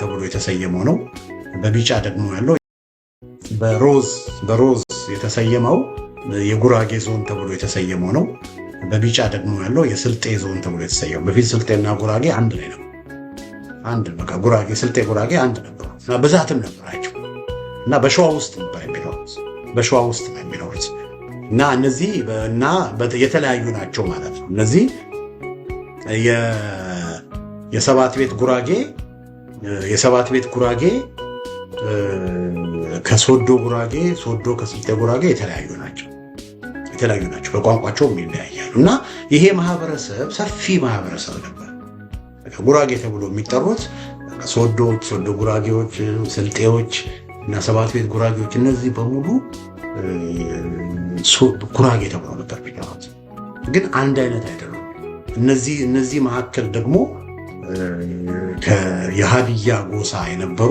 ተብሎ የተሰየመው ነው። በቢጫ ደግሞ ያለው በሮዝ በሮዝ የተሰየመው የጉራጌ ዞን ተብሎ የተሰየመው ነው። በቢጫ ደግሞ ያለው የስልጤ ዞን ተብሎ የተሰየመው። በፊት ስልጤና ጉራጌ አንድ ላይ ነው። አንድ በቃ ጉራጌ ስልጤ ጉራጌ አንድ ነበሩ እና ብዛትም ነበራቸው እና በሸዋ ውስጥ ነበር የሚኖሩት በሸዋ ውስጥ ነው የሚኖሩት እና እነዚህ እና የተለያዩ ናቸው ማለት ነው። እነዚህ የሰባት ቤት ጉራጌ የሰባት ቤት ጉራጌ ከሶዶ ጉራጌ፣ ሶዶ ከስልጤ ጉራጌ የተለያዩ ናቸው የተለያዩ ናቸው። በቋንቋቸውም ይለያያሉ እና ይሄ ማህበረሰብ ሰፊ ማህበረሰብ ነበር። ጉራጌ ተብሎ የሚጠሩት ሶዶዎች፣ ሶዶ ጉራጌዎች፣ ስልጤዎች እና ሰባት ቤት ጉራጌዎች እነዚህ በሙሉ ጉራጌ ተብሎ ነበር የሚጠሩት፣ ግን አንድ አይነት አይደሉም። እነዚህ እነዚህ መካከል ደግሞ የሀዲያ ጎሳ የነበሩ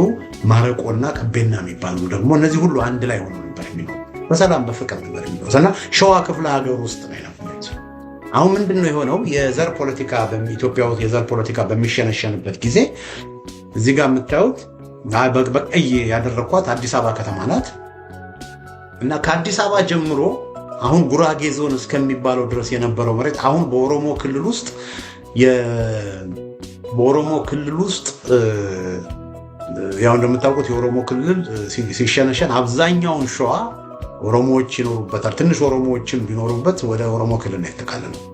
ማረቆና ቀቤና የሚባሉ ደግሞ እነዚህ ሁሉ አንድ ላይ ሆኖ ነበር የሚለው በሰላም በፍቅር ነበር የሚለው እና ሸዋ ክፍለ ሀገር ውስጥ ነው የነበሩት። አሁን ምንድን ነው የሆነው? የዘር ፖለቲካ ኢትዮጵያ ውስጥ የዘር ፖለቲካ በሚሸነሸንበት ጊዜ እዚህ ጋር የምታዩት በቀይ ያደረግኳት አዲስ አበባ ከተማ ናት። እና ከአዲስ አበባ ጀምሮ አሁን ጉራጌ ዞን እስከሚባለው ድረስ የነበረው መሬት አሁን በኦሮሞ ክልል ውስጥ በኦሮሞ ክልል ውስጥ ያው እንደምታውቁት የኦሮሞ ክልል ሲሸነሸን አብዛኛውን ሸዋ ኦሮሞዎች ይኖሩበታል። ትንሽ ኦሮሞዎችም ቢኖሩበት ወደ ኦሮሞ ክልል የተካለለ ነው።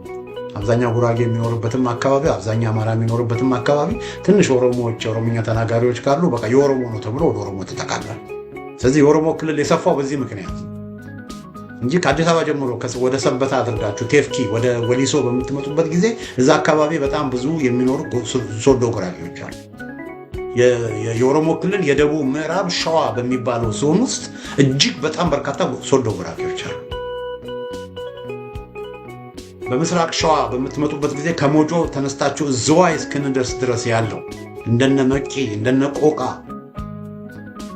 አብዛኛው ጉራጌ የሚኖርበትም አካባቢ፣ አብዛኛ አማራ የሚኖርበትም አካባቢ ትንሽ ኦሮሞዎች፣ የኦሮምኛ ተናጋሪዎች ካሉ በቃ የኦሮሞ ነው ተብሎ ወደ ኦሮሞ ተጠቃላል። ስለዚህ የኦሮሞ ክልል የሰፋው በዚህ ምክንያት እንጂ ከአዲስ አበባ ጀምሮ ወደ ሰበታ አድርጋችሁ ቴፍኪ ወደ ወሊሶ በምትመጡበት ጊዜ እዛ አካባቢ በጣም ብዙ የሚኖሩ ሶዶ ጉራጌዎች አሉ። የኦሮሞ ክልል የደቡብ ምዕራብ ሸዋ በሚባለው ዞን ውስጥ እጅግ በጣም በርካታ ሶዶ ጉራጌዎች አሉ። በምስራቅ ሸዋ በምትመጡበት ጊዜ ከሞጆ ተነስታችሁ ዝዋይ እስክንደርስ ድረስ ያለው እንደነ መቂ እንደነ ቆቃ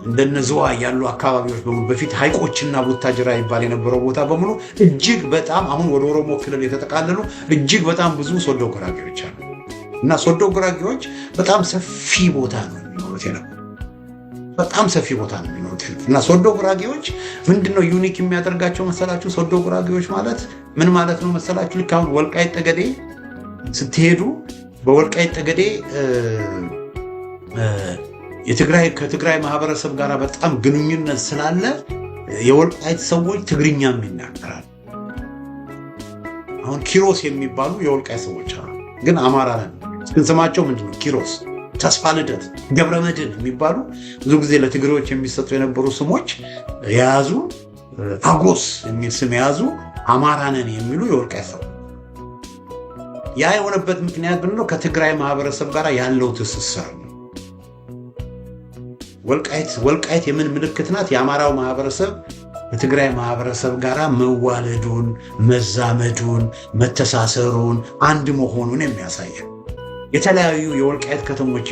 እንደነዘዋ ያሉ አካባቢዎች በሙሉ በፊት ሀይቆችና ቡታጅራ ይባል የነበረው ቦታ በሙሉ እጅግ በጣም አሁን ወደ ኦሮሞ ክልል የተጠቃለሉ እጅግ በጣም ብዙ ሶዶ ጉራጌዎች አሉ እና ሶዶ ጉራጌዎች በጣም ሰፊ ቦታ ነው የሚኖሩት የነበሩ በጣም ሰፊ ቦታ ነው የሚኖሩት እና ሶዶ ጉራጌዎች ምንድነው ዩኒክ የሚያደርጋቸው መሰላችሁ? ሶዶ ጉራጌዎች ማለት ምን ማለት ነው መሰላችሁ? ልክ አሁን ወልቃይት ጠገዴ ስትሄዱ በወልቃይት ጠገዴ የትግራይ ከትግራይ ማህበረሰብ ጋር በጣም ግንኙነት ስላለ የወልቃይት ሰዎች ትግርኛም ይናገራል። አሁን ኪሮስ የሚባሉ የወልቃይት ሰዎች አሉ፣ ግን አማራ ነን። ግን ስማቸው ምንድነው? ኪሮስ፣ ተስፋ ልደት፣ ገብረ መድህን የሚባሉ ብዙ ጊዜ ለትግሬዎች የሚሰጡ የነበሩ ስሞች የያዙ አጎስ የሚል ስም የያዙ አማራ ነን የሚሉ የወልቃይት ሰው ያ የሆነበት ምክንያት ምንድነው? ከትግራይ ማህበረሰብ ጋር ያለው ትስስር ወልቃይት ወልቃይት የምን ምልክት ናት? የአማራው ማህበረሰብ ከትግራይ ማህበረሰብ ጋር መዋለዱን፣ መዛመዱን፣ መተሳሰሩን፣ አንድ መሆኑን የሚያሳየን የተለያዩ የወልቃይት ከተሞች፣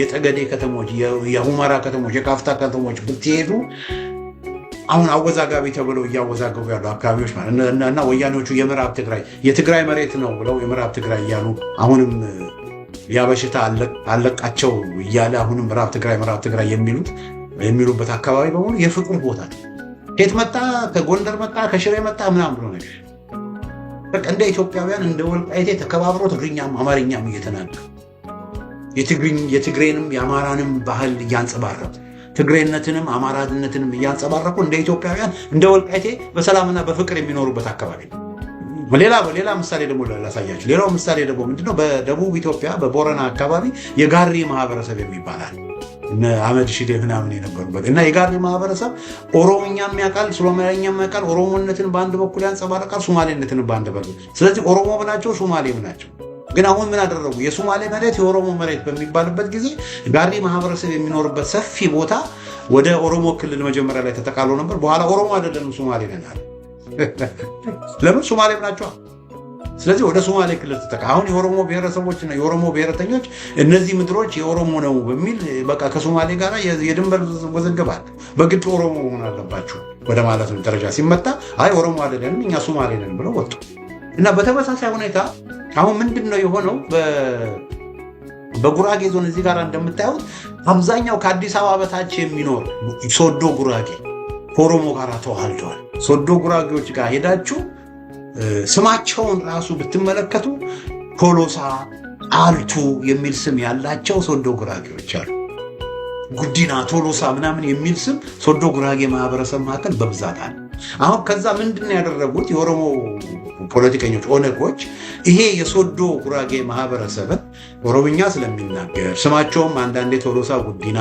የጠገዴ ከተሞች፣ የሁመራ ከተሞች፣ የካፍታ ከተሞች ብትሄዱ አሁን አወዛጋቢ ተብለው እያወዛገቡ ያሉ አካባቢዎች እና ወያኔዎቹ የምዕራብ ትግራይ የትግራይ መሬት ነው ብለው የምዕራብ ትግራይ እያሉ አሁንም ያ በሽታ አለቃቸው እያለ አሁንም ምዕራብ ትግራይ ምዕራብ ትግራይ የሚሉት የሚሉበት አካባቢ በሆኑ የፍቅሩ ቦታ ነው። ከየት መጣ? ከጎንደር መጣ፣ ከሽሬ መጣ ምናምን ብሎ ነገር በቃ እንደ ኢትዮጵያውያን እንደ ወልቃይቴ ተከባብሮ ትግርኛም አማርኛም እየተናገረ የትግሬንም የአማራንም ባህል እያንጸባረቁ ትግሬነትንም አማራነትንም እያንጸባረቁ እንደ ኢትዮጵያውያን እንደ ወልቃይቴ በሰላምና በፍቅር የሚኖሩበት አካባቢ ነው። ሌላ ሌላ ምሳሌ ደግሞ ላሳያችሁ። ሌላው ምሳሌ ደግሞ ምንድነው? በደቡብ ኢትዮጵያ በቦረና አካባቢ የጋሪ ማህበረሰብ የሚባላል አመድ ሽዴ ምናምን የነበሩበት እና የጋሪ ማህበረሰብ ኦሮሞኛም ያውቃል፣ ሶማሌኛም ያውቃል። ኦሮሞነትን በአንድ በኩል ያንጸባርቃል፣ ሶማሌነትን በአንድ በኩል። ስለዚህ ኦሮሞ ናቸው፣ ሶማሌም ናቸው። ግን አሁን ምን አደረጉ? የሶማሌ መሬት የኦሮሞ መሬት በሚባልበት ጊዜ ጋሪ ማህበረሰብ የሚኖርበት ሰፊ ቦታ ወደ ኦሮሞ ክልል መጀመሪያ ላይ ተጠቃሎ ነበር። በኋላ ኦሮሞ አይደለንም ሶማሌ ነን አለ። ለምን ሶማሌ ናቸዋ። ስለዚህ ወደ ሶማሌ ክልል ትጠቃ። አሁን የኦሮሞ ብሔረሰቦችና የኦሮሞ ብሔረተኞች እነዚህ ምድሮች የኦሮሞ ነው በሚል በቃ ከሶማሌ ጋር የድንበር ወዘገባል። በግድ ኦሮሞ መሆን አለባቸው ወደ ማለት ደረጃ ሲመጣ አይ ኦሮሞ አይደለንም እኛ ሶማሌ ነን ብለው ወጡ እና በተመሳሳይ ሁኔታ አሁን ምንድን ነው የሆነው በጉራጌ ዞን እዚህ ጋር እንደምታዩት አብዛኛው ከአዲስ አበባ በታች የሚኖር ሶዶ ጉራጌ ከኦሮሞ ጋር ተዋህልደዋል። ሶዶ ጉራጌዎች ጋር ሄዳችሁ ስማቸውን ራሱ ብትመለከቱ ፖሎሳ አልቱ የሚል ስም ያላቸው ሶዶ ጉራጌዎች አሉ። ጉዲና፣ ቶሎሳ ምናምን የሚል ስም ሶዶ ጉራጌ ማህበረሰብ መካከል በብዛት አለ። አሁን ከዛ ምንድን ያደረጉት የኦሮሞ ፖለቲከኞች ኦነጎች ይሄ የሶዶ ጉራጌ ማህበረሰብን ኦሮምኛ ስለሚናገር ስማቸውም አንዳንዴ ቶሎሳ ጉዲና፣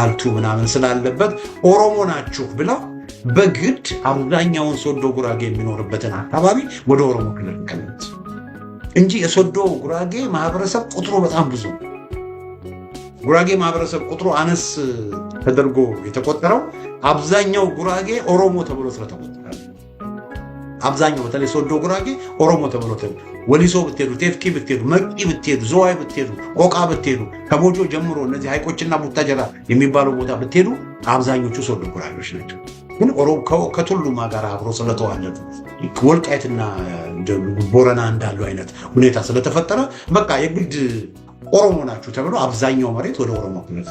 አልቱ ምናምን ስላለበት ኦሮሞ ናችሁ ብለው በግድ አብዛኛውን ሶዶ ጉራጌ የሚኖርበትን አካባቢ ወደ ኦሮሞ ክልል እንጂ የሶዶ ጉራጌ ማህበረሰብ ቁጥሩ በጣም ብዙ ነው። ጉራጌ ማህበረሰብ ቁጥሩ አነስ ተደርጎ የተቆጠረው አብዛኛው ጉራጌ ኦሮሞ ተብሎ ስለተቆጠረ አብዛኛው በተለይ ሶዶ ጉራጌ ኦሮሞ ተብሎ ተብሎ ወሊሶ ብትሄዱ፣ ቴፍኪ ብትሄዱ፣ መቂ ብትሄዱ፣ ዘዋይ ብትሄዱ፣ ቆቃ ብትሄዱ፣ ከቦጆ ጀምሮ እነዚህ ሀይቆችና ቡታጀራ የሚባለው ቦታ ብትሄዱ አብዛኞቹ ሶዶ ጉራጌዎች ናቸው። ግን ከቱሉማ ጋር አብሮ ስለተዋለዱ ወልቃይትና ቦረና እንዳሉ አይነት ሁኔታ ስለተፈጠረ በቃ የግድ ኦሮሞ ናችሁ ተብሎ አብዛኛው መሬት ወደ ኦሮሞ ክልል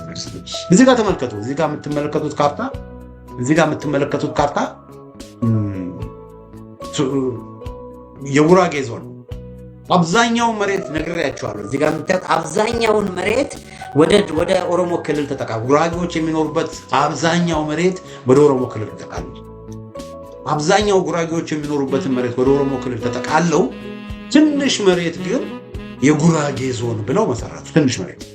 እዚህ ጋር ተመልከቱ። እዚህ ጋር የምትመለከቱት ካርታ እዚህ ጋር የምትመለከቱት ካርታ የጉራጌ ዞን አብዛኛው መሬት ነግሬያቸዋለሁ። እዚህ ጋር የምታዩት አብዛኛውን መሬት ወደ ኦሮሞ ክልል ተጠቃ ጉራጌዎች የሚኖሩበት አብዛኛው መሬት ወደ ኦሮሞ ክልል ተጠቃለች። አብዛኛው ጉራጌዎች የሚኖሩበትን መሬት ወደ ኦሮሞ ክልል ተጠቃለው፣ ትንሽ መሬት ግን የጉራጌ ዞን ብለው መሰራት ትንሽ መሬት